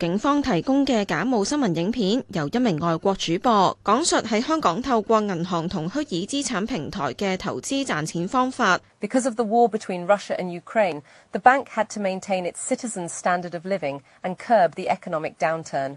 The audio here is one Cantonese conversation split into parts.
警方提供嘅假冒新聞影片，由一名外國主播講述喺香港透過銀行同虛擬資產平台嘅投資賺錢方法。Because of the war between Russia and Ukraine, the bank had to maintain its citizen's standard of living and curb the economic downturn.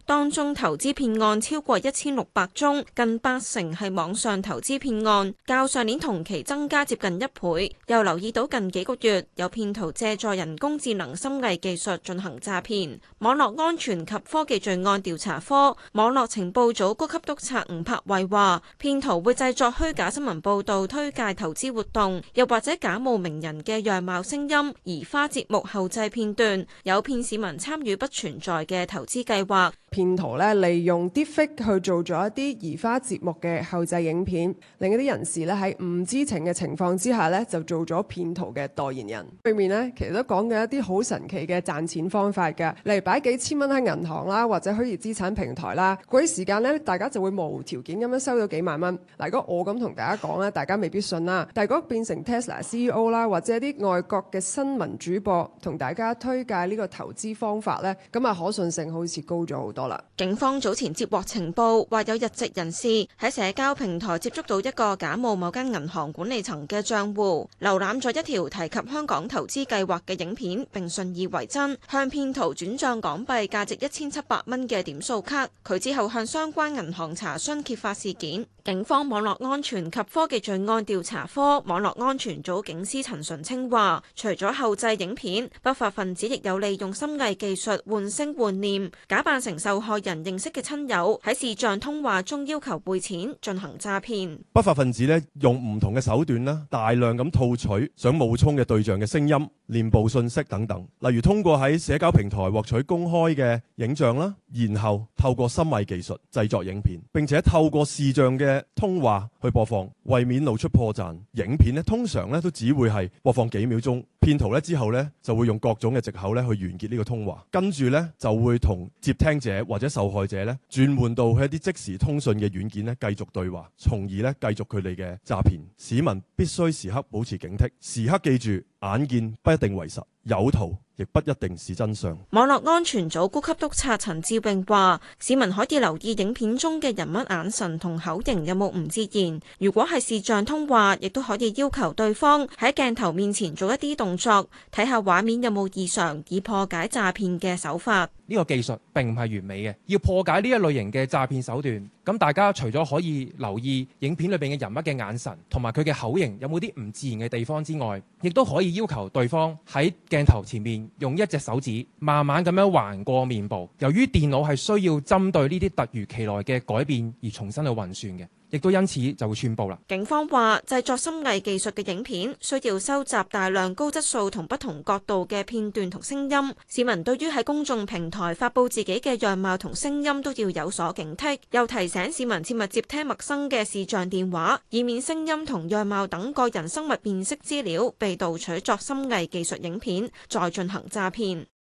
當中投資騙案超過一千六百宗，近八成係網上投資騙案，較上年同期增加接近一倍。又留意到近幾個月有騙徒借助人工智能、深偽技術進行詐騙。網絡安全及科技罪案調查科網絡情報組高級督察吳柏慧話：，騙徒會製作虛假新聞報道推介投資活動，又或者假冒名人嘅樣貌、聲音，移花接木後製片段，誘騙市民參與不存在嘅投資計劃。騙徒咧利用 deepfake 去做咗一啲移花接木嘅後製影片，令一啲人士咧喺唔知情嘅情況之下咧就做咗騙徒嘅代言人。對面咧其實都講緊一啲好神奇嘅賺錢方法嘅，例如擺幾千蚊喺銀行啦，或者虛擬資產平台啦，嗰啲時間咧大家就會無條件咁樣收到幾萬蚊。嗱，如果我咁同大家講咧，大家未必信啦。但係如果變成 Tesla CEO 啦，或者啲外國嘅新聞主播同大家推介呢個投資方法咧，咁啊可信性好似高咗好多。警方早前接獲情報，話有日籍人士喺社交平台接觸到一個假冒某間銀行管理層嘅賬戶，瀏覽咗一條提及香港投資計劃嘅影片，並信以為真，向騙徒轉賬港幣價值一千七百蚊嘅點數卡。佢之後向相關銀行查詢揭發事件。警方網絡安全及科技罪案調查科網絡安全組警司陳純清話，除咗後製影片，不法分子亦有利用深偽技術換聲換臉，假扮成受。受害人認識嘅親友喺視像通話中要求匯錢，進行詐騙。不法分子呢用唔同嘅手段啦，大量咁套取想冒充嘅對象嘅聲音、面部信息等等。例如通過喺社交平台獲取公開嘅影像啦，然後透過深偽技術製作影片，並且透過視像嘅通話去播放。為免露出破綻，影片呢通常呢都只會係播放幾秒鐘。騙徒之後咧就會用各種嘅藉口去完結呢個通話，跟住咧就會同接聽者或者受害者咧轉換到一啲即時通訊嘅軟件咧繼續對話，從而咧繼續佢哋嘅詐騙。市民必須時刻保持警惕，時刻記住眼見不一定為實，有圖。亦不一定是真相。網絡安全組高級督察陳志穎話，市民可以留意影片中嘅人物眼神同口型有冇唔自然。如果係視像通話，亦都可以要求對方喺鏡頭面前做一啲動作，睇下畫面有冇異常，以破解詐騙嘅手法。呢個技術並唔係完美嘅，要破解呢一類型嘅詐騙手段，咁大家除咗可以留意影片裏邊嘅人物嘅眼神同埋佢嘅口型有冇啲唔自然嘅地方之外，亦都可以要求對方喺鏡頭前面。用一隻手指慢慢咁樣橫過面部，由於電腦係需要針對呢啲突如其來嘅改變而重新去運算嘅。亦都因此就會宣佈啦。警方話，製作深偽技術嘅影片需要收集大量高質素同不同角度嘅片段同聲音。市民對於喺公眾平台發佈自己嘅樣貌同聲音都要有所警惕，又提醒市民切勿接聽陌生嘅視像電話，以免聲音同樣貌等個人生物辨識資料被盜取作深偽技術影片，再進行詐騙。